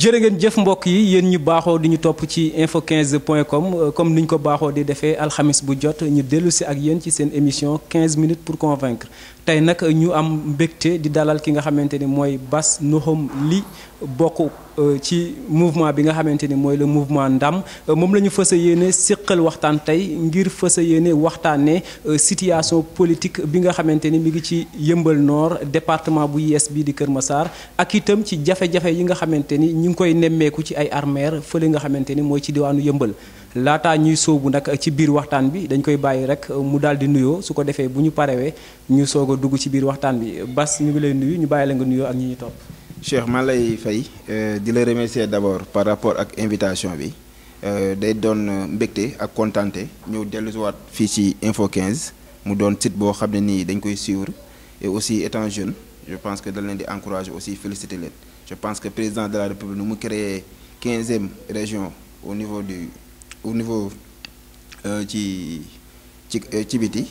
jërë jëf mbokk yi yéen ñu baaxoo di ñu topp ci info 15 point com euh, comme ni ñu ko baaxoo di defee alxamis bu jot ñu dellu si ak yéen ci seen émission 15 minutes pour convaincre tey nag ñu am mbégte di dalal ki nga xamante ni mooy bas Nouhoum lii bokk euh, ci mouvement bi nga xamante ni mooy la mouvement ndam euh, moom la ñu fës yéene séqal waxtaan tey ngir fës a yéene waxtaanee euh, situation politique bi nga xamante ni mu ngi ci yëmbal noor département bu yees bii di Kër Massar ak itam ci jafe-jafe yi nga xamante ni ñu ngi koy nemmeeku ci ay armeer fële nga xamante ni mooy ci diwaanu yëmbal laataa ñuy sóobu nag ci biir waxtaan bi dañ koy bàyyi rek mu daal di nuyoo su ko defee bu ñu parewee ñu soog a dugg ci biir waxtaan bi Bas ñu ngi lay ñu bàyyi la nuyoo ak ñi ñu topp Cheikh man lay fay euh, di la remercier d'abord par rapport ak invitation bi euh, day doon euh, mbégte ak kontante ñëw dellusiwaat fii ci Info 15 mu doon site boo xam ne nii dañ koy suivre et aussi étant jeune je pense que dañ leen di encourager aussi féliciter leen je pense que président de la République nu mu créé quinzième région au niveau du au niveau ci ci ci biti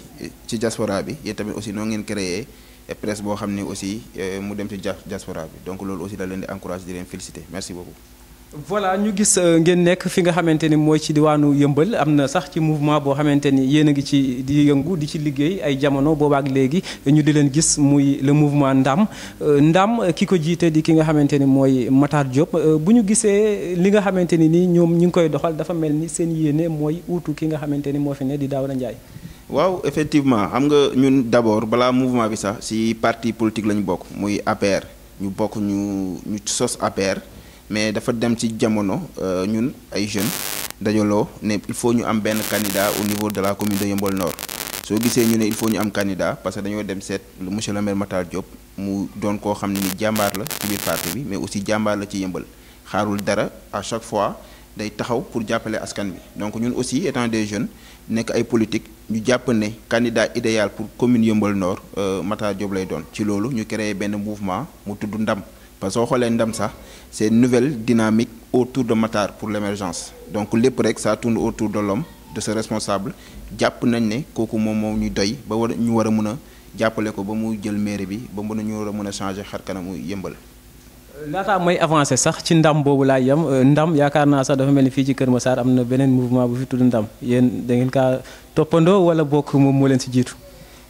ci diaspora bi yéen tamit aussi noo ngeen créé. et boo xam ne aussi euh, mu dem ci diaspora bi donc loolu aussi la leen di encouragé di leen félicité merci beaucoup. voilà ñu gis euh, ngeen nekk fi nga xamante ni mooy ci diwaanu yëmbal am na sax ci mouvement boo xamante ni yéen a ngi ci di yëngu di ci liggéey ay jamono boobaak léegi ñu di leen gis muy le mouvement Ndam euh, Ndam ki ko jiite di ki nga xamante ni mooy Matar Diop bu ñu gisee li nga xamante ni nii ñoom ñu ngi koy doxal dafa mel ni seen yéene mooy uutu ki nga xamante ni moo fi ne di Daouda Ndiaye. waaw effectivement xam nga ñun d' abord balaa mouvement bi sax si parti politique la ñu bokk muy APR ñu bokk ñu ñu sos APR mais dafa dem ci jamono euh, ñun ay jeunes dajaloo ne il faut ñu am benn candidat au niveau de la commune de Yeumbeul Nord soo gisee ñu ne il faut ñu am candidat parce que dañoo dem seet monsieur le maire Matar Diop mu doon koo xam ni jàmbaar la ci biir parti bi mais aussi jàmbaar la ci Yeumbeul xaarul dara à chaque fois. day taxaw pour jàppale askan bi donc ñun aussi étant des jeunes nekk ay politique ñu jàpp ne candidat idéal pour commune Yeumbeul Nord euh, Matar Diop doon ci loolu ñu créé benn mouvement mu tudd ndam parce que soo xoolee ndam sax c'est nouvelle dynamique autour de Matar pour l'émergence donc lépp rek ça tourne autour de l'homme de ce responsable jàpp nañ ne kooku moom moom ñu doy ba war ñu war a mën a jàppale ko ba mu jël mairie bi ba mën a ñu war a mën a changer xar kanamu Yeumbeul laataa may avancé sax ci ndam boobu laa yem euh, ndam yaakaar naa sax dafa mel ni fii ci Kër ma saar am na beneen mouvement bu fi tudd ndam yéen da ngeen kaa toppandoo wala bokk moom moo leen si jiitu.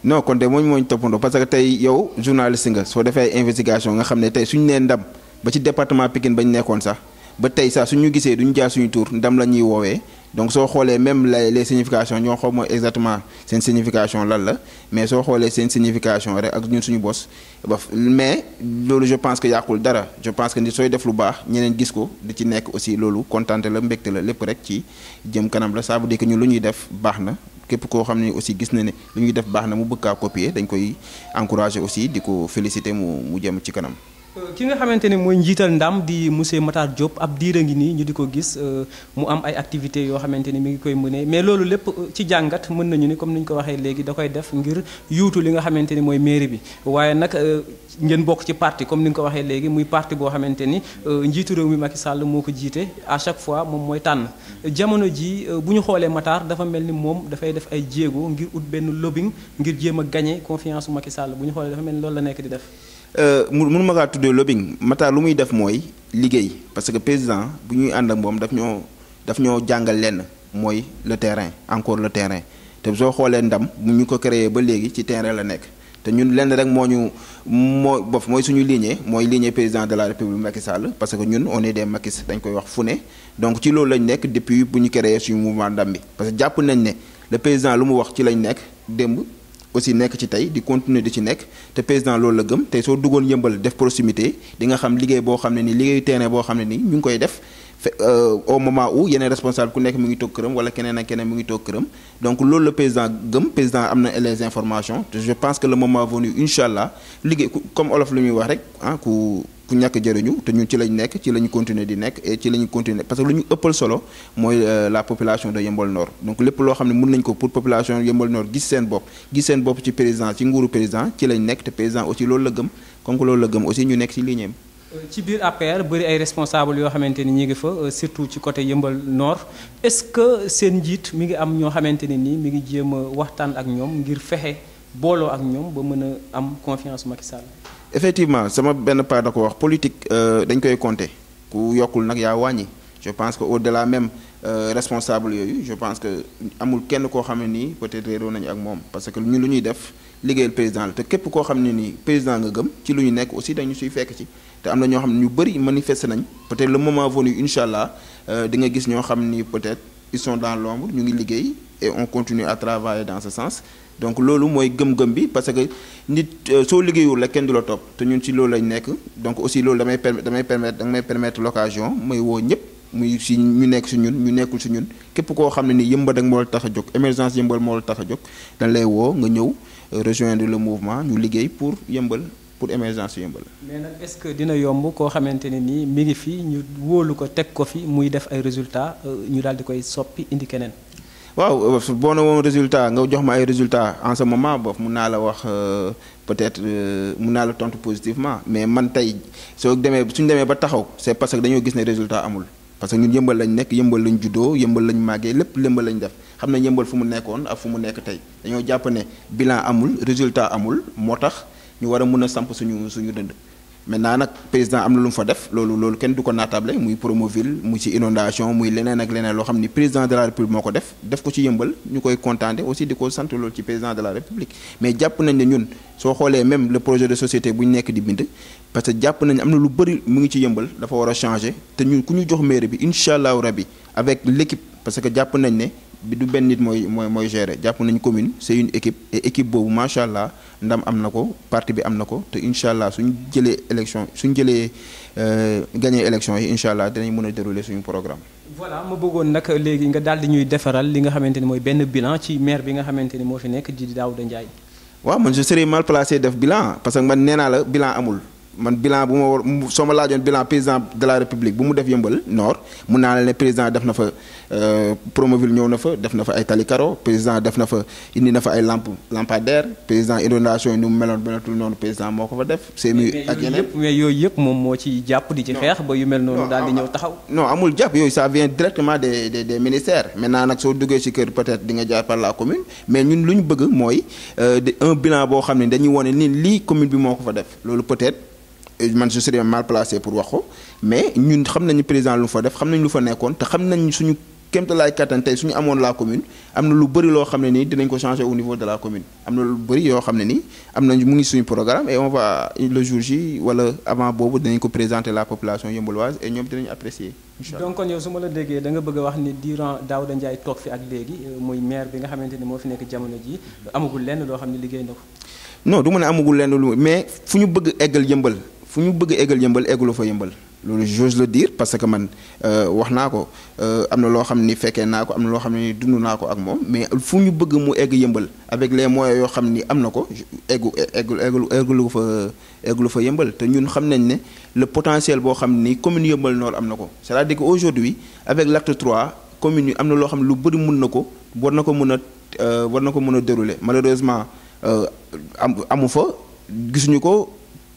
non kon de mooñ mooñ toppandoo parce que tey yow journaliste nga soo defee ay investigation nga xam ne tey suñu nee ndam ba ci département ba ñu nekkoon sax. ba tey saa suñu gisee duñu jaar suñu tur ndam la ñuy woowee donc soo xoolee même les les significations ñoo xaw ma exactement seen signification lan la mais soo xoolee seen signification rek ak ñun suñu bos ba mais loolu je pense que yàqul dara je pense que nit sooy def lu baax ñeneen gis ko di ci nekk aussi loolu kontante la mbégte la lépp rek ci jëm kanam la saabu veut dire ñun lu ñuy def baax na képp koo xam ne aussi gis na ni lu ñuy def baax na mu bëgg kaa copier dañ koy encourager aussi di ko mu mu jëm ci kanam. Euh, ki nga xamante ne mooy njiital ndam di monsieur Matar Diop ab diir a ngi nii ñu di ko gis euh, mu am ay activité yoo xamante ni mi ngi koy mëne mais loolu lépp euh, ci jàngat mën nañu ni comme ni ñu ko waxee léegi da koy def ngir yuutu li nga xamante ni mooy mairie bi waaye nag ngeen bokk ci parti comme ni nga ko waxee léegi muy parti boo xamante ni njiitu réew mi Macky Sall moo ko jiite à chaque fois moom mooy tànn jamono ji bu ñu xoolee Matar dafa mel ni moom dafay def ay jéego ngir ut benn lobbying ngir jéem a gagné confiance u Macky Sall bu ñu xoolee dafa mel ni loolu la nekk di def Euh, mënuma kaa tuddee lobbying Matar lu muy def mooy liggéey parce que président bu ñuy ànd ak moom daf ñoo daf ñoo jàngal lenn mooy le terrain encore le terrain te soo xoolee ndam bu ñu ko créé ba léegi ci terrain la nekk te ñun lenn rek moo ñu moo bof mooy suñu lignée mooy lignée président de la république Macky Sall parce que ñun on est des Macky dañ koy wax fu ne donc ci loolu lañu nekk depuis bu ñu créé suñu mouvement ndam bi parce que jàpp nañ ne le lu mu wax ci lañ nekk démb. aussi nekk ci tey di continuer di ci nekk te président loolu la gëm tey soo duggoon yëmbal def proximité di nga xam liggéey boo xam ne ni liggéeyu terrain boo xam ne ni ñu ngi koy def euh, au moment où yeneen responsable ku nekk mu ngi toog këram wala keneen ak keneen mu ngi toog këram donc loolu la président gëm président am na les informations je pense que le moment venu incha allah liggéey comme olof lu muy wax rek ah ku. pour ñàkk jëriñu te ñu ci lañ nekk ci lañ continuer di nekk et ci lañu continuer parce que lu ñu ëppal solo mooy euh, la population de Yeumbeul Nord donc lépp loo xam ne mun nañ ko pour population Yeumbeul Nord gis seen bopp gis seen bopp ci président ci nguuru président ci lañ nekk te président aussi loolu la gëm comme que loolu la gëm aussi ñu nekk ci ligne euh, ci biir APR bëri ay responsable yoo xamante ni ñu ngi fa euh, surtout ci côté Yeumbeul noor est-ce que seen njiit mi ngi am ñoo xamante ne nii mi ngi jéem a waxtaan ak ñoom ngir fexe booloo ak ñoom ba mën a am confiance Macky effectivement sama benn part da ko wax politique euh, dañ koy compter ku yokkul nag yaa wàññi je pense que au-delà même euh, responsable yooyu je pense que amul kenn koo xam ne nii peut-être réeroo nañu ak moom parce que ñu lu ñuy def liggéeyal président te képp koo xam ne ni président nga gëm ci lu ñu nekk aussi dañu suy fekk ci te am na ñoo xam ne ñu bëri manifester nañ peut-être le moment venu incha allah euh, di nga gis ñoo xam ni peut-être ils sont dans l'ombre ñu ngi liggéey et on à travailler dans ce donc loolu mooy gëm-gëm bi parce que nit euh, soo liggéeyul la kenn du la topp te ñun si loolu lañ nekk donc aussi loolu damay permet damay permettre damay permettre l'occasion may woo ñëpp muy si ñu nekk si ñun ñu nekkul si ñun képp koo xam ne nii yëmbal ak moo tax a jóg émergence yëmbal moo la tax a jóg dañ lay woo nga ñëw euh, rejoindre le mouvement ñu liggéey pour yëmbal pour émergence yëmbal. mais nag est-ce que dina yomb koo xamante ne nii mi ngi fi ñu wóolu ko teg ko fi muy def ay résultats euh, ñu daal di koy soppi indi keneen. waaw boo ne woon résultat nga jox ma ay résultat en ce moment mun naa la wax euh, peut-être euh, mun naa la tontu positivement mais man tey soo demee suñ demee ba taxaw c'est parce que dañoo gis ne résultat amul parce que ñun yëmbal lañ nekk yëmbal lañ juddoo yëmbal lañu màggee lépp yëmbal lañu def xam ne yëmbal fu mu nekkoon ak fu mu nekk tey dañoo jàpp ne bilan amul résultat amul moo tax ñu war a mun a samp suñu suñu dënd maintenant nag président am na lu mu fa def loolu loolu kenn du ko naatable muy Promoville mu ci inondation muy leneen ak leneen loo xam ni président de la république moo ko def def ko ci yëmbal ñu koy contenté aussi di ko sant loolu ci président de la république mais jàpp nañ ne ñun soo xoolee même le projet de société bu ñu nekk di bind parce que jàpp nañ am na lu bari mu ngi ci yëmbal dafa war a changer te ñun ku ñu jox mairie bi incha allahu rabi avec l' équipe parce que jàpp nañ ne bi du benn nit mooy mooy mooy gérer jàpp nañu commune c'est une équipe et équipe boobu macha allah ndam am na ko parti bi am na ko te incha allah suñ jëlee élection suñ jëlee euh, gagné élection yi incha allah dinañ mën a dérouler suñu programme. voilà ma bëggoon nag léegi nga daal di ñuy defaral li nga xamante ni mooy benn bilan ci maire bi nga xamante ni moo fi nekk di Daouda Ndiaye. waaw man je serais mal placé def bilan parce que man nee naa la bilan amul. man bilan bu ma war soo ma laajoon bilan président de la mu def yëmbal nord mun naa la ne def na fa Euh, Promoville ñëw na fa def na fa ay tali karo président def na fa indi na fa ay lamp lampadaire président inondation yi mu meloon melatul noonu président moo ko fa def. seemi ak yeneen yooyu yëpp moom moo ci jàpp di ci xeex ba yu mel noonu daal ñëw taxaw. non amul jàpp yooyu ça vient directement des des des ministères maintenant nag soo duggee ci kër peut-être di nga jaar par la commune mais ñun lu ñu bëgg mooy euh, un bilan boo xam ne dañuy wane ni lii commune bi moo ko fa def loolu peut-être. Euh, man je serais pour wax ko mais ñun xam nañu président lu fa def xam nañu lu fa nekkoon te xam nañ suñu kéemtalaay kattan tey suñu amoon la commune am na lu bëri loo xam ne nii dinañ ko changer au niveau de la commune am na lu bëri yoo xam ne nii am nañ mu ngi suñu programme et on va le jour J wala avant boobu dinañ ko présenter la population yëmbaloise et ñoom dinañ apprécier incha allah donc ma la déggee danga nga bëgg wax ni durant Daouda Ndiaye toog fi ak léegi euh, muy maire bi nga xamante ni moo fi nekk jamono ji amagul lenn loo xam ne liggéey na ko non du ma ne amagul lenn lu mais fu ñu bëgg eggal yëmbal fu ñu bëgg eggal yëmbal eggalu fa loolu j'ose le dire parce que man euh, wax naa ko euh, am na loo xam ni fekkee naa ko am na loo xam ne dund naa ko ak moom mais fu ñu bëgg mu egg yëmbal avec les moyens yoo xam ni am na ko eggu eggu eggu fa eggu fa yëmbal te ñun xam nañ ne le potentiel boo xam ni commune yëmbal noor am na ko c'est-à-dire que aujourd'hui avec l'acte 3 commune yi am na loo xam ne lu bëri mun na ko war na ko mën a euh, war na ko mën a dérouler malheureusement amu fa gisuñu ko.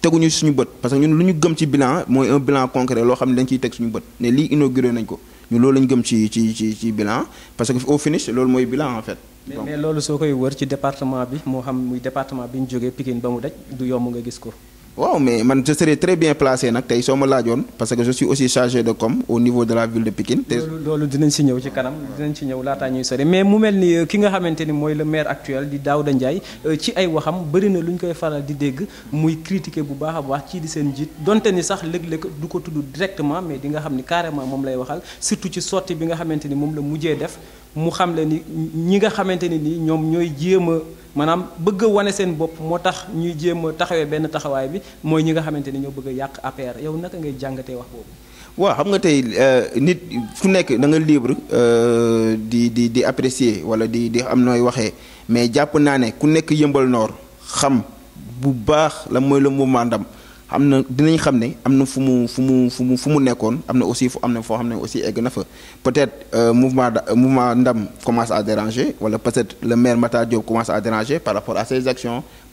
teguñu suñu bët parce que ñun lu ñu gëm ci bilan mooy un bilan concret loo xam ne dañ ciy teg suñu bët ne lii inauguré nañ ko ñu loolu lañ gëm ci ci ci bilan parce que au finish loolu mooy bilan en fait. donc mais loolu soo koy wër ci département bi moo xam muy département bi ñu jógee Pikine ba mu daj du yomb nga gis ko. waaw mais man je serais très bien placé nag tey soo ma laajoon parce que je suis aussi chargé de com au niveau de la ville de Pikine. te loolu dinañ si ñëw ci kanam dinañ ci ñëw laataa ñuy sori mais mu mel ni euh, ki nga xamante ni mooy le maire actuel di Daouda Ndiaye euh, ci ay waxam bëri na lu ñu koy faral di dégg muy critiquer bu baax a baax ci di seen njiit donte ni sax léeg-léeg du ko tudd directement mais di nga xam ni carrément moom lay waxal surtout ci sortie bi nga xamante ni moom la mujjee def. mu xam le ni ñi nga xamante ne ni ñoom ñooy jéem a maanaam bëgg a wane seen bopp moo tax ñuy jéem a taxawee benn taxawaay bi mooy ñi nga xamante ni ñoo bëgg a yàq APR yow naka ngay jàngatee wax boobu. waa xam nga tey euh, nit fu nekk da nga libre euh, di di di apprécier wala di di am nooy waxee mais jàpp naa ne ku nekk yëmbal noor xam bu baax la mooy la mouvement Ndam am na dinañ xam ne am na fu mu fu mu fu mu fu mu nekkoon am na aussi fu am na foo xam ne aussi egg na fa peut-être euh, mouvement mouvement Ndam commence à déranger wala peut-être le maire Matar Diop commence à déranger par rapport à ses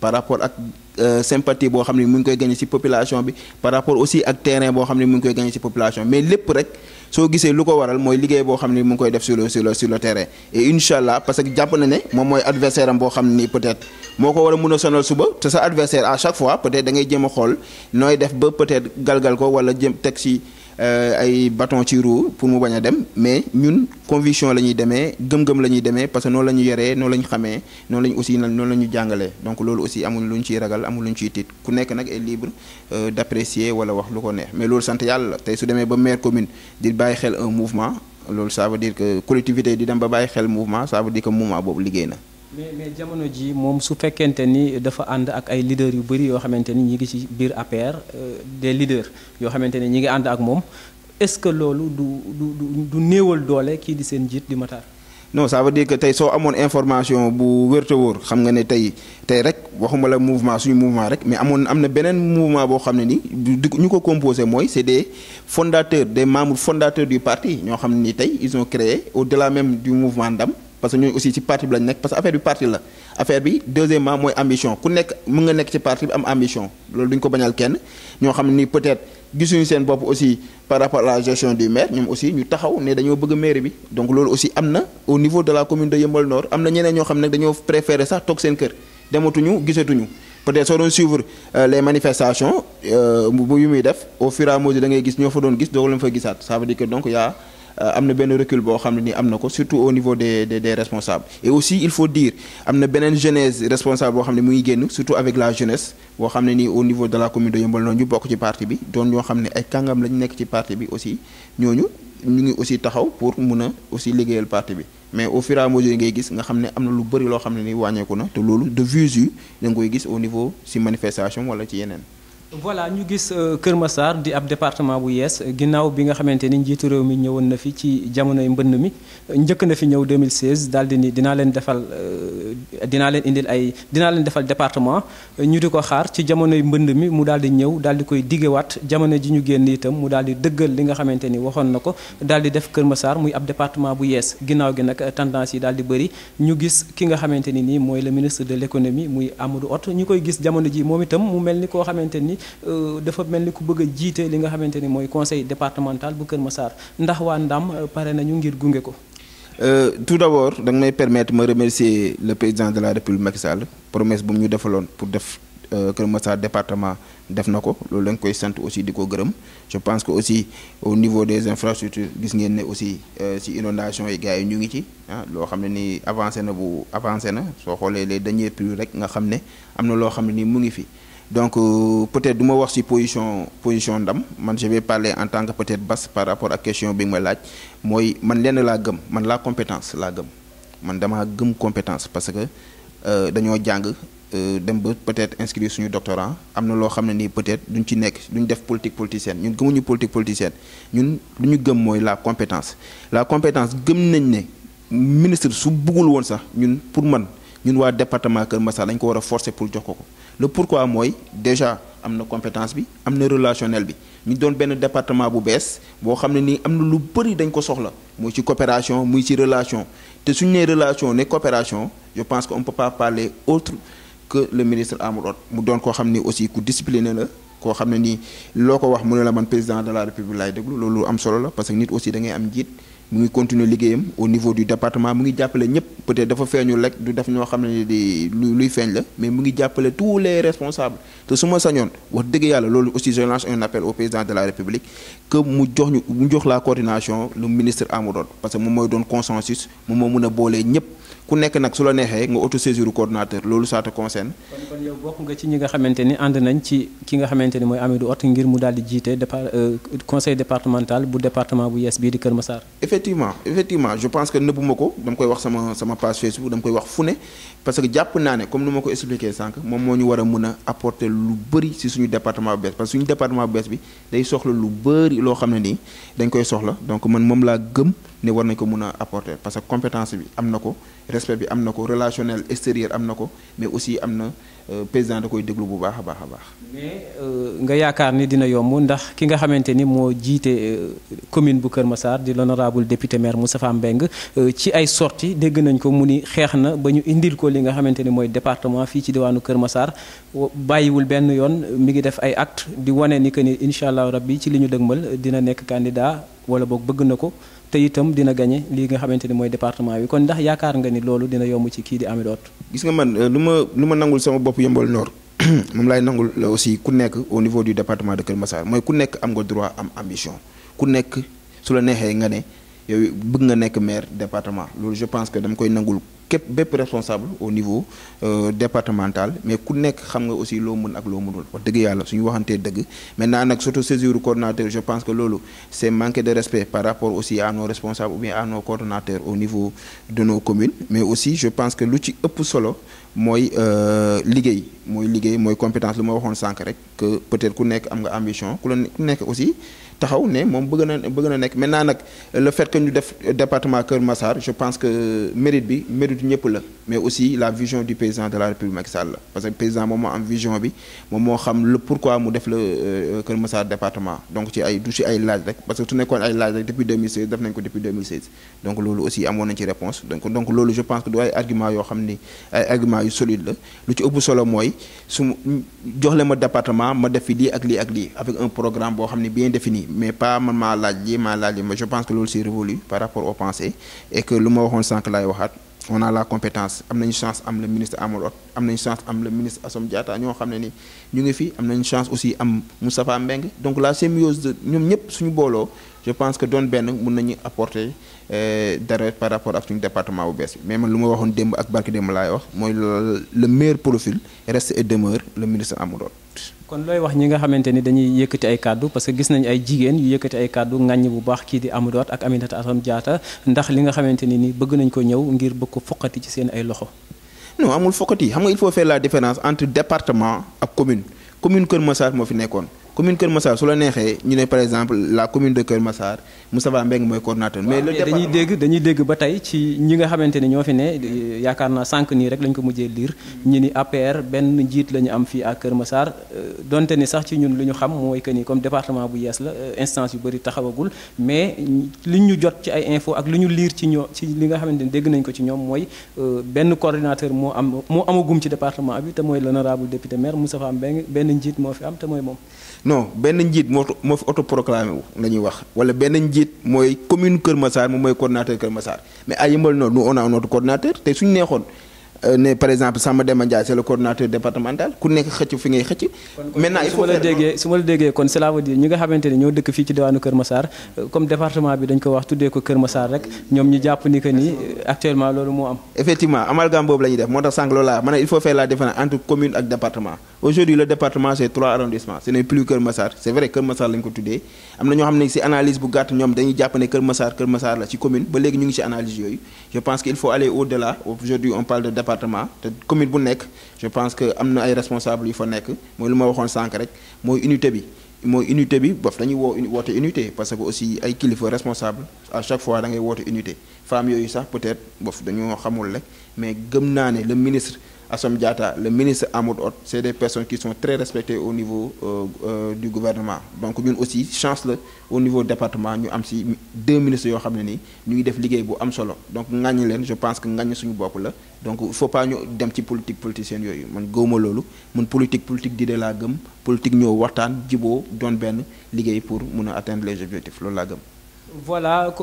par rapport ak euh, sympathie boo xam ne mu ngi koy gañ ci population bi par rapport aussi ak terrain boo xam ne mu ngi koy gagner ci population mais lépp rek soo gisee lu ko waral mooy liggéey boo xam ni mu ngi koy def si le sur le sur le terrain et incha allah parce que jàpp na ne moom mooy adversaire am boo xam ni peut-être moo ko war a mun a sonal suba te sa adversaire à chaque fois peut-être da ngay jéem a xool nooy def ba peut-être galgal ko wala jëm teg si Euh, ay baton ci roue pour mu bañ a dem mais ñun conviction la ñuy demee gëm-gëm la ñuy demee parce que noonu la ñu yoree noonu la ñu xamee noonu la ñu aussi noonu la ñu jàngalee donc loolu aussi amul lu ñu ci ragal amul lu ñu ciy tiit ku nekk nag est libre euh, d'apprécier wala wax lu ko neex mais loolu sant yàlla tey su demee ba maire commune di bàyyi xel un mouvement loolu ça veut dire que collectivité di dem ba bàyyi xel mouvement ça veut dire que mouvement boobu liggéey na mais mais jamono ji moom su fekkente ni dafa ànd ak ay leaders yu bëri yoo xamante ni ñi ngi ci biir APR euh, des leaders yoo xamante ni ñi ngi ànd ak moom est-ce que loolu du du du néewal doole kii di seen njiit di Matar. non saa ba dire que tey soo amoon information bu wérte wóor xam nga ne tey tey rek waxuma la mouvement suñu mouvement rek mais amoon am na beneen mouvement boo xam ne ni du ñu ko composé mooy c'est des fondateurs des membres fondateur du parti ñoo xam ne ni tey ils ont créé au-delà même du mouvement parce que ñooñu aussi ci parti bi lañ nekk parce que affaire bi parti la affaire mooy ambition ku nekk mën nga nekk ci parti bi am ambition loolu duñ ko bañal kenn ñoo xam ni peut-être gisuñu seen bopp aussi par rapport à la gestion du maire ñoom aussi ñu taxaw ne dañoo bëgg maire bi donc loolu aussi am na au niveau de la commune de Yeumbeul am na ñeneen ñoo xam ne dañoo préféré sax toog seen kër dematuñu gisatuñu peut soo doon suivre euh, les manifestations euh, gis ñoo Euh, am na benn recul boo xam ne ni am na ko surtout au niveau des des des responsables et aussi il faut dire am na beneen jeunesse responsable boo xam ne mu ngi génn surtout avec la jeunesse boo xam ne nii au niveau de la commune de Yeumbeul noonu ñu bokk ci parti bi doon ñoo xam ne ay kàngam lañu nekk ci parti bi aussi ñooñu ñu ngi aussi taxaw pour mun a aussi liggéeyal parti bi mais au fur et à mesure ngay gis nga xam ne am na lu bari loo xam ne ni wàññeeku na loolu de visu da koy gis au niveau si manifestation wala ci yeneen voilà ñu gis euh, Kër Massar di ab département bu yees ginnaaw bi nga xamante ni njiitu réew mi ñëwoon na fi ci jamonoy mbënn mi njëkk na fi ñëw 2016 daal di ni dinaa leen defal euh, dinaa leen indil ay dinaa leen defal département ñu di ko xaar ci jamonoy mbënd mi mu daal di ñëw daal di koy diggewaat jamono ji ñu génn itam mu daal di dëggal li nga xamante ni waxoon na ko daal di def Kër Massar muy ab département bu yees ginnaaw gi nag tendance yi daal di bëri ñu gis ki nga xamante ni nii mooy la ministre de l'économie mu mel Euh, dafa mel ni ku bëgg a jiite li nga xamante ni mooy conseil départemental bu Kër Massar ndax waa Ndam euh, pare nañu ngir gunge ko. Euh, tout d'abord da nga may permettre ma remercier le président de la République Macky Sall promesse bu mu ñu defaloon pour def Kër Massar département def na ko loolu lañ koy sant aussi di ko gërëm je pense que aussi au niveau des infrastructures gis ngeen ne aussi si inondation yi gars yi ñu ngi ci ah loo xam ne nii avancé na bu avancé na soo xoolee les derniers rek nga xam ne am na loo xam ne nii mu ngi fi. donc euh, peut-être du ma wax ci position position ndam man je vais parler en tant que peut-être basse par rapport ak question bi ma laaj mooy man lenn laa gëm man laa compétence laa gëm man damaa gëm compétence parce que euh, dañoo jàng euh, dem ba peut-être inscrire suñu doctorat am na loo xam ne nii peut-être duñ ci nekk duñ def politique politicienne ñun gëmuñu politique politicienne ñun lu ñu gëm mooy la compétence la compétence gëm nañ ne ministre su buggul woon sax ñun pour man ñun waa département Kër Massar lañ ko war a forcer pour jox ko ko. le pourquoi mooy déjà am na compétence bi am na relationnel bi ñu doon benn département bu bees boo xam ne nii am na lu bëri dañ ko soxla muy ci coopération muy ci relation te suñu nee relation ne coopération je pense que on peut pas parler autre que le ministre Amadou Hott mu doon koo xam ne aussi ku discipliné la koo xam ne nii loo ko wax mu ne la man président de la république laay déglu loolu am solo la parce que nit aussi da am njiit mu ngi continuer liggéeyam au niveau du département mu ngi jàppale ñëpp peut-être dafa feeñul rek du def ñoo xam ne luy feeñ la mais mu ngi jàppale tous les responsables te su ma sañoon wax dëgg yàlla loolu aussi je lance un appel au président de la république que mu jox ñu mu jox la coordination lu ministre Amadou parce que moom mooy doon consensus moom moo mun a boolee ñëpp ku nekk nag su la neexee nga autosaisir coordonnateur loolu ça te concerne. kon kon yow bokk nga ci ñi nga xamante ni ànd nañ ci ki nga xamante ni mooy Amidou ot ngir mu daal di jiite départ euh, conseil départemental bu département bu yees bii di Kër Massar. effectivement effectivement je pense que nëbbuma ko dama koy wax sama sama page Facebook dama koy wax fu ne parce que jàpp naa ne comme nu ma ko expliqué sànq moom moo ñu war a mën a apporter lu bëri si suñu département bu bees parce suñu département bees bi day soxla lu bëri loo xam ne nii dañ koy soxla donc man moom laa gëm. ne war nañ ko mun a apporter parce que compétence bi am na ko respect bi am na ko relationnel extérieur am na ko mais aussi am na euh, président da koy déglu bu baax a baax a baax. mais euh, nga yaakaar ni dina yomb ndax ki nga xamante ni moo jiite euh, commune bu Kër Massar di l'honorable député maire Moustapha Mbeng ci ay sorti dégg nañ ko mu ni xeex na ba ñu indil ko li nga xamante ni mooy département fii ci diwaanu Kër Massar bàyyiwul benn yoon mi ngi def ay acte di wane ni que ni incha allah rabbi ci li ñu dëgmal dina nekk candidat wala boog bëgg na ko. te itam dina gagné lii nga xamante ni mooy département bi kon ndax yaakaar nga ni loolu dina yomb ci kii di Ameth Hott gis nga man euh, lu ma lu ma nangul sama bopp Yeumbeul Nord moom laay nangul euh, aussi ku nekk au niveau du département de Kër Massar mooy ku nekk am nga droit am ambition ku nekk su la neexee nga ne yow bëgg nga nekk maire département loolu je pense que dama koy nangul képp bépp responsable au niveau euh, départemental mais ku nekk xam nga aussi loo mën ak loo mënul wax dëgg yàlla suñu waxantee dëgg maintenant nag surtout saisir coordonnateur je pense que loolu c'est manquer de respect par rapport aussi à nos responsables ou bien à nos coordonnateurs au niveau de nos communes mais aussi je pense que lu ci ëpp solo mooy euh, liggéey mooy liggéey mooy compétence lu ma waxoon sànq rek que peut ku nekk am nga ambition ku la ku nekk aussi taxaw ne moom bëgg na bëgg na nekk maintenant nag le fait que ñu def département Kër Massar je pense que mérite bi mérite ñëpp la mais aussi la vision du président de la République Macky Sall la parce que président moom moo am vision bi moom moo xam le pourquoi mu def le euh, Kër Massar département donc ci ay du ci ay laaj rek parce que su nekkoon ay laaj rek depuis 2016 def nañ ko depuis 2016 donc loolu aussi amoon nañ ci réponse donc donc loolu je pense que du ay argument yoo xam solo mooy su jox département ma def fi ak lii ak lii avec un boo xam ni bien défini mais pas man maa laaj lii maa laaj lii mais je pense que loolu c'est révolu par rapport aux pensées et que lu ma waxoon sànq laay waxaat on a la compétence am nañu chance am le ministre Amadou am nañu chance am le ministre Assome Diatta ñoo xam ne ni ñu ngi fi am nañu chance aussi am Moustapha Mbengue donc la symbiose de ñoom ñëpp suñu booloo je pense que doon benn mun nañu apporter Euh, dara par rapport ak suñu département bu bees bi mais man lu ma waxoon démb ak barki démb laay wax mooy le meilleur profil reste et demeure le ministre Amadou kon looy wax ñi nga xamante ni dañuy yëkkati ay kàddu parce que gis nañu ay jigéen yu yëkkati ay kàddu ŋàññ bu baax kii di Amadou Hott ak Aminata Assome Diatta ndax li nga xamante ni ni bëgg nañ ko ñëw ngir bëgg ko foqati ci seen ay loxo non amul foqati xam nga il faut faire la différence entre département ak commune commune Kër moo fi nekkoon commune Kër Massar su la neexee ñu ne par exemple la commune de Kër Massar Moustapha Mbengue mooy coordonnateur. mais le département ah, dañuy dégg dañuy dégg ba tey ci ñi xamante ni ñoo fi ne yaakaar naa sànq nii rek lañ ko mujjee liir ñi ni APR benn njiit la am fii à Kër Massar euh, donte ni sax ci ñun lu ñu xam mooy que ni comme département bu yees la euh, instance yu bëri taxawagul mais li ñu jot ci ay info ak li ñu liir ci ñoo ci li nga xamante ni dégg nañ ko ci ñoom mooy euh, benn coordonnateur moo am moo amagum ci département bi te mooy l'honorable député maire Moustapha Mbengue benn njiit moo fi am te mooy moom non benn njiit moo moo fi autoproclamé wu la ñuy wax wala benn njiit mooy commune Kër Massar moom mooy coordonnateur Kër Massar mais à Yeumbeul Nord nous on te suñu neexoon euh, par exemple Samba Demba Ndiaye c'est le coordonnateur départemental ku nekk xëcc fi ngay xëcc. il faut su ma la déggee su la déggee nga xamante ni ñoo dëkk fii ci diwaanu Kër Massar euh, comme département bi wax tuddee ko Kër Massar rek ñoom ñu jàpp ni que ni euh, actuellement loolu moo am. effectivement amalgame boobu la ñuy def moo tax sànq loolu laa ma ne entre commune ak département. aujourd'hui le département c'est trois arrondissements ce n'est plus Kër Massar c'est vrai Kër Massar lañ ko tuddee am na ñoo xam ne si analyse bu gàtt ñoom dañuy jàpp Kër Massar la ci commune ba léegi ñu ngi ci analyse yooyu je pense qu'il faut aller au-delà aujourd'hui on parle de département te commune bu nekk je pense que am na ay responsables yu fa nekk mooy lu ma waxoon sànq rek mooy unité bi mooy unité bi bof dañuy woo woote unité parce que aussi ay kilifa responsable à chaque fois da ngay woote unité femmes yooyu sax peut-être bof dañoo xamul rek mais gëm naa ne le ministre Assom Diatta le ministre Amadou Hott c'est des personnes qui sont très respectées au niveau euh, euh, du gouvernement donc ñun aussi chance la au niveau département ñu am ci deux ministres yoo xam ne nii ñu ngi def liggéey bu am solo donc ŋàññi leen je pense que ŋàññi suñu bopp la donc il faut pas ñu dem ci politique politicienne yooyu man gëwuma loolu man politique politique di de laa gëm politique ñoo waxtaan jiboo doon benn liggéey pour mun a atteindre les objectifs loolu laa gëm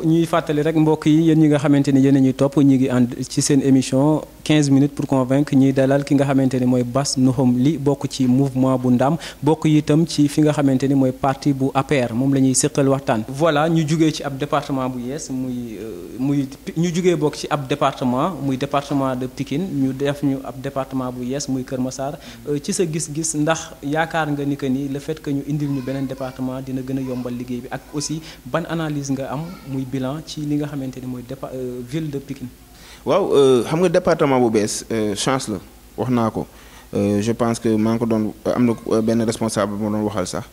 yi yéen ñi nga xamante ni yéen a ñuy 15 minutes pour convaincre ñuy dalal ki nga xamante ni mooy Bass Nouhoum li bokk ci mouvement bu ndam bokk itam ci fi nga xamante ni mooy parti bu APR moom la ñuy sëqal waxtaan. voilà ñu jugee ci ab département bu yees muy euh, muy ñu jugee bokk ci ab département muy département de Pikine ñu def ñu ab département bu yees muy Kër Massar euh, ci sa gis-gis ndax yaakaar nga ni que ni le fait que ñu indil ñu beneen département dina gën yombal liggéey bi ak aussi ban analyse nga am muy bilan ci li nga xamante ni mooy dépa euh, ville de waaw euh, xam nga département bu bees euh, chance la wax naa ko euh, je pense que maa ngi ko doon am na benn responsable moo doon waxal sax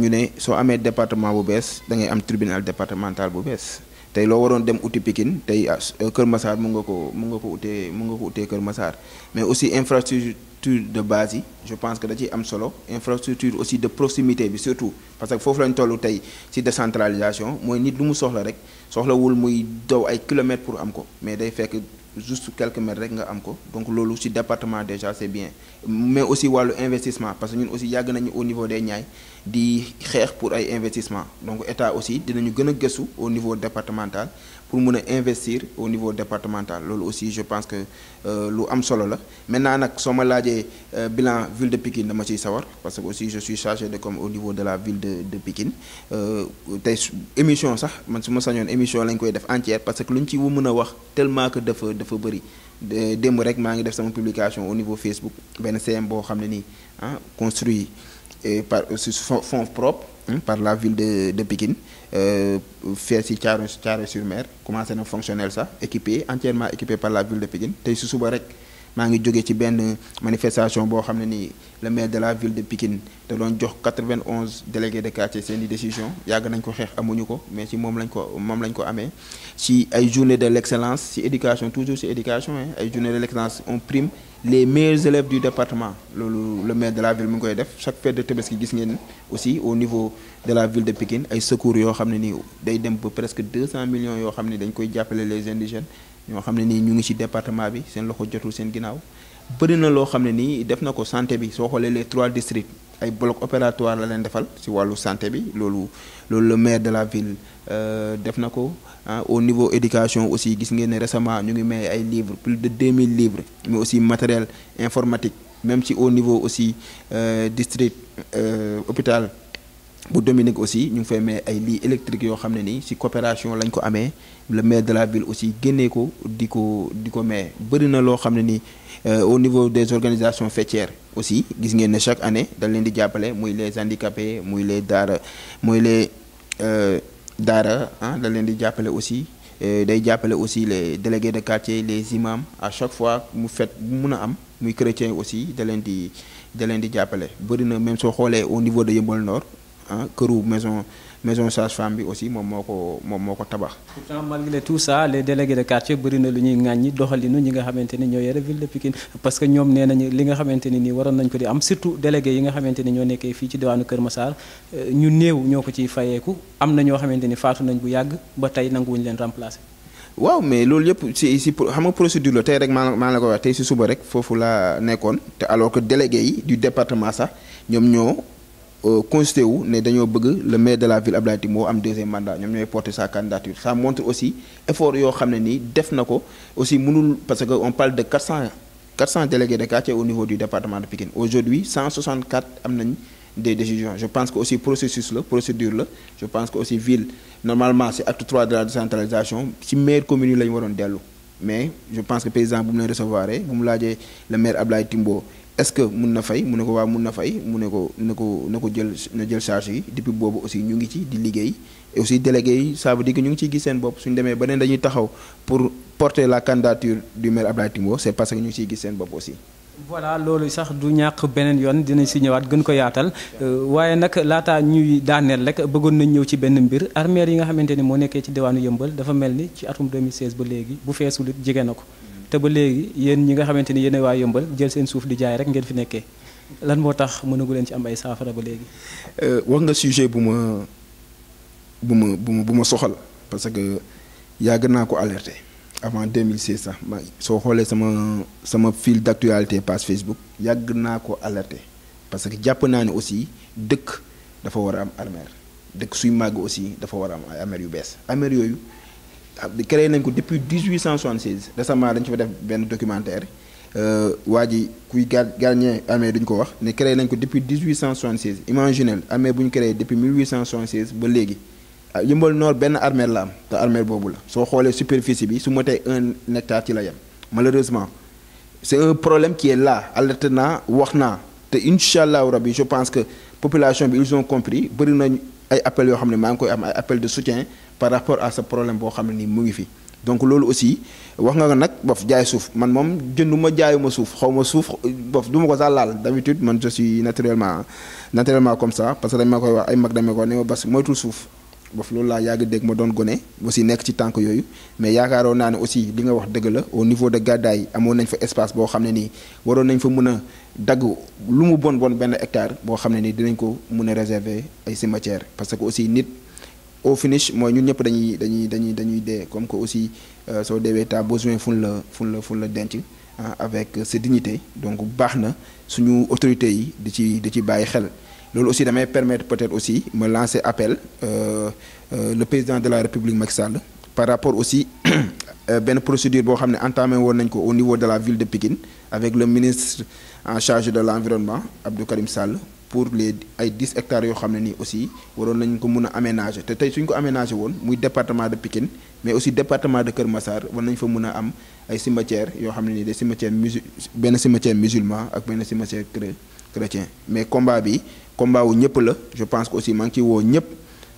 ñu ne soo amee département bu bees da am tribunal départemental bu bees tey loo waroon dem uti Pikine tey Kër Massar mu nga ko mu nga ko utee mu nga ko utee Kër masaar mais aussi infrastructure infrastructure de base je pense que da ciy am solo infrastructure aussi de proximité bi surtout parce que foofu lañ tollu tey ci décentralisation mooy nit lu mu soxla rek soxlawul muy daw ay kilomètres pour am ko mais day fekk juste quelques mètres rek nga am ko donc loolu ci département déjà c'est bien mais aussi wàllu investissement parce que ñun aussi yàgg nañu au niveau des Niayes di xeex pour ay investissement donc état aussi dinañu gën a gëstu au niveau départemental pour mun a investir au niveau départemental loolu aussi je pense que euh, lu am solo la maintenant nag soo ma laajee euh, bilan ville de Pikine dama ciy sawar parce que aussi je suis chargé de comme au niveau de la ville de de Pikine euh, tey émission sax man su ma sañoon émission lañ koy def entière parce que lu ñu ci mën a wax tellement que dafa dafa bari démb rek maa ngi def sama publication au niveau Facebook benn CM boo xam ne nii ah construit par sur fonds prop Hmm? par la ville de de Pikine euh, fee si Thiaroye Thiaroye sur Mer commencé na fonctionnel sax équipé entièrement équipé par la ville de Pikine tey su suba rek maa ngi jógee ci benn manifestation boo xam ne nii le maire de la ville de Pikine da doon jox 91 délégués de quartier seen i décision yàgg nañ ko xeex amuñu ko mais si moom lañ ko moom lañ ko amee si ay journée de l' excellence ci éducation toujours ci éducation ay journée de l' excellence les meilleurs élèves du département loolu le maire de la ville mu ngi koy def chaque fête de tabaski gis ngeen aussi au niveau de la ville de Pikine ay secours yoo xam ne nii day dem ba presque 200 millions yoo xam ne dañ koy jàppale les indigènes ñoo xam ne nii ñu ngi ci département bi seen loxo jotul seen ginnaaw bëri na loo xam ne nii def na ko santé bi soo xoolee les trois districts ay bloc opératoire la leen defal ci wàllu santé bi loolu loolu le maire de la ville. Euh, def na ko au niveau éducation aussi gis ngeen ne récemment ñu ngi may ay livres plus de 2000 livres mais aussi matériel informatique même si au niveau aussi euh, district euh, hôpital bu Dominique aussi ñu ngi fay may ay lits électriques yoo xam ne nii ci coopération lañ ko amee le maire de la ville aussi génnee ko di ko di ko may bëri na loo xam ne ni au niveau des organisations faîtières aussi gis ngeen ne chaque année dañ leen di jàppale muy les handicapés muy les daara muy les. daara ah da leen di jàppale aussi day jàppale aussi le délégués de quartier les imams à chaque fois mu fet mun a am muy chrétien aussi da leen di da leen di jàppale bëri na même soo xoolee au niveau de Yeumbeul Nord këru maison maison sage-femme bi aussi moom moo ko moom moo ko tabax. pourtant malgré tout ça les délégués de quartier bëri na lu ñuy ŋàññi doxalinu ñi nga xamante ni ñoo yore ville de Pikine parce que ñoom nee nañu li nga xamante ni nii waroon nañ ko di am surtout délégués yi nga xamante ni ñoo nekkee fii ci diwaanu Kër Massar euh, ñu néew ñoo ko ciy fayeeku am na ñoo xamante ni faatu nañ bu yàgg ba tey nanguwuñu leen remplacer. waaw mais loolu yëpp si si xam nga procédure la tey rek maa maa la ko wax tey si suba rek foofu laa nekkoon te alors que délégué du département sax ñoom ñoo. Euh, constaté wu ne dañoo bëgg le maire de la ville Abdoulaye Tine moo am deuxième mandat ñoom ñooy porter sa candidature ça montre aussi effort yoo xam ne nii def na ko aussi mënul parce que on parle de 400 400 délégués de quartier au niveau du département de Pikine aujourd'hui 164 am nañ des décisions je pense que aussi processus la procédure la je pense que aussi ville normalement c'est acte 3 de la décentralisation ci maire commune yi la ñu waroon dellu mais je pense que est-ce que mun na fay mu ne ko waaw mun na fay mu ne ko na ko na ko jël na jël charge yi depuis boobu aussi ñu ngi ci di liggéey et aussi délégué yi ça veut ñu ngi ciy gis seen bopp suñ demee ba ne dañuy taxaw pour porter la candidature du maire Abdoulaye Timbo c'est parce que ñu ngi ciy gis seen bopp aussi. voilà loolu sax du ñàkk beneen yoon dinañ si ñëwaat gën ko yaatal euh, waaye nag laataa ñuy daaneel rek bëggoon nañ ñëw ci benn mbir armère yi nga xamante ni moo nekkee ci diwaanu yëmbal dafa ni ci atum 2016 ba léegi bu feesul jege na ko. te ba léegi yéen ñi nga xamante ni yéen waa yëmbal jël seen suuf di jaay rek ngeen fi nekkee lan moo tax mënagu leen ci am ay saafara ba léegi. Euh, wax nga sujet bu ma bu ma bu ma bu soxal parce que yàgg naa ko alerte avant 2016 sax soo xoolee sama sama fil d' actualité page Facebook yàgg naa ko alerte parce que jàpp naa ne aussi dëkk dafa war a am armeer dëkk suy màgg aussi dafa war a am ay armeer yu bees armeer yooyu. bi créé nañ ko depuis 1876 récemment dañ ci fa def benn documentaire euh, waa ji kuy gar gardien armée duñ ko wax ne créé nañ ko depuis 1876 imaginel armée bu ñu créé depuis 1876 ba léegi ah, yëmbal noor benn armeel la am te armeel boobu la soo xoolee superficie bi su matee un hectare ci la yem malheureusement c'est un problème qui la là alerte naa wax naa te incha allahu rabi je pense que population bi ils ont compris bëri nañ ay appels yoo xam ne maa ngi koy am ay appel de soutien par rapport à sa problème boo xam ne nii mu ngi fii donc loolu aussi wax nga nag bof jaay suuf man moom jënduma jaayuma suuf xaw ma suuf bof du ma ko sax laal d'habitude man je suis naturellement naturellement comme ça parce que dañ ma koy wax ay mag dañ ma koy ne ma bas moytul suuf bof loolu laa yàgg dégg ma doon gone aussi nekk ci tànk yooyu mais yaakaaroo naa ne aussi li nga wax dëgg la au niveau de gàddaay amoon nañ fa espace boo xam ne nii waroon nañ fa mën a dagg lu mu bon bon benn hectare boo xam ne nii dinañ ko mën a réserver ay cimetière parce que aussi nit au finish mooy ñun ñëpp dañuy dañuy dañuy dañuy dee comme que aussi euh, soo deewee t'as besoin fun la fun la fun la denc avec sa dignité donc baax na suñu autorités yi di ci di ci bàyyi xel loolu aussi damay permettre peut-être aussi ma lancer appel euh, euh, le président de la République Macky Sall par rapport aussi benn procédure boo xam ne entamé woon nañ ko au niveau de la ville de Pikine avec le ministre en charge de l'environnement Abdou Karim Sall pour les ay dix hectares yoo xam ne nii aussi waroon nañ ko mun a aménager te tey suñ ko aménager woon muy département de Pikine mais aussi département de Kër Massar war nañ fa mun a am ay simatière yoo xam ne nii des cimetières musu benn cimetière musulman ak benn cimetière chrétien mais combat bi combat wu ñëpp la je pense que aussi maa ngi ciy woo ñëpp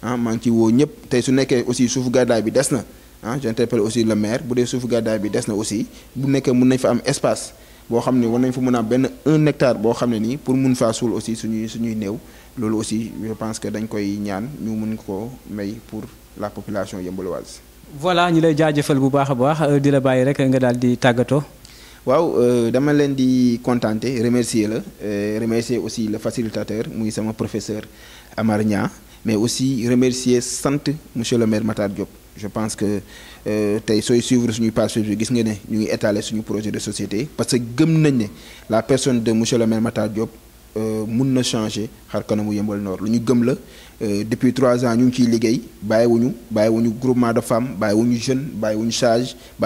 ah maa ngi ciy woo ñëpp tey su nekkee aussi suuf gàddaay bi des na ah j'interpelle aussi le maire bu dee suuf gàddaay bi des na aussi bu nekkee mun nañ fa am espace. boo xam ne war nañ fa mën a benn un hectare boo xam ne nii pour mun faa suul aussi suñuy suñuy néew loolu aussi je pense que dañ koy ñaan ñu mun koo may pour la population yëmbaloise. voilà ñu lay jaajëfal bu baax a baax euh, di la bàyyi rek nga daal di tàggatoo. waaw euh, demal leen di contenter remercier la euh, remercier aussi la facilitateur muy sama professeur Amar mais aussi remercier sant monsieur le maire Matar Diop. je pense que euh, tey sooy suivre suñuy page Facebook gis nga ne ñu ngi étaler suñu projet de société parce que gëm nañ ne la personne de monsieur le maire Matar Diop euh, mun na changer xar kanamu yëmbal noor lu ñu gëm la euh, depuis trois ans ñu ngi ciy liggéey bàyyiwuñu bàyyiwuñu groupement de femmes bàyyiwuñu jeune bàyyiwuñu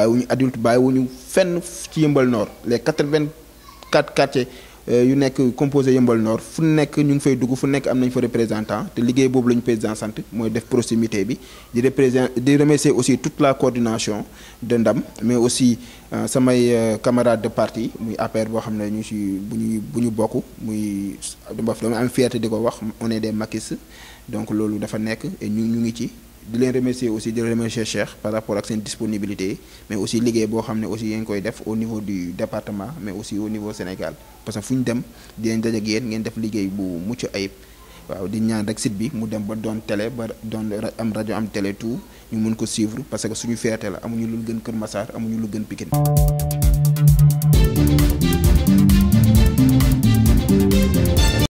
wu ñu adulte wu ñu fenn ci yëmbal noor les quatre-vingt-quatre quartiers Euh, yu nekk composé Yeumbeul Nord fu nekk ñu ngi fay dugg fu nekk am nañ fa représentant te liggéey boobu la président sant mooy def proximité bi di représent di remercier aussi toute la coordination de Ndam mais aussi euh, samay euh, camarades de parti muy APR boo xam ne ñu si bu ñu bu ñu bokk muy dama am fierté di ko wax on est des makis donc loolu dafa nekk ñu ñu ngi ci di leen remercier aussi di remercier Cheikh par rapport ak seen disponibilité mais aussi liggéey boo xam ne aussi yéen koy def au niveau du département mais aussi au niveau Sénégal parce que fu ñu dem di leen daje ak ngeen def liggéey bu mucc ayib waaw di ñaan rek site bi mu dem ba doon télé ba doon am rajo am télé tout ñu mën ko suivre parce que suñu fierté la amuñu lu gën Kër Massar amuñu lu gën Pikine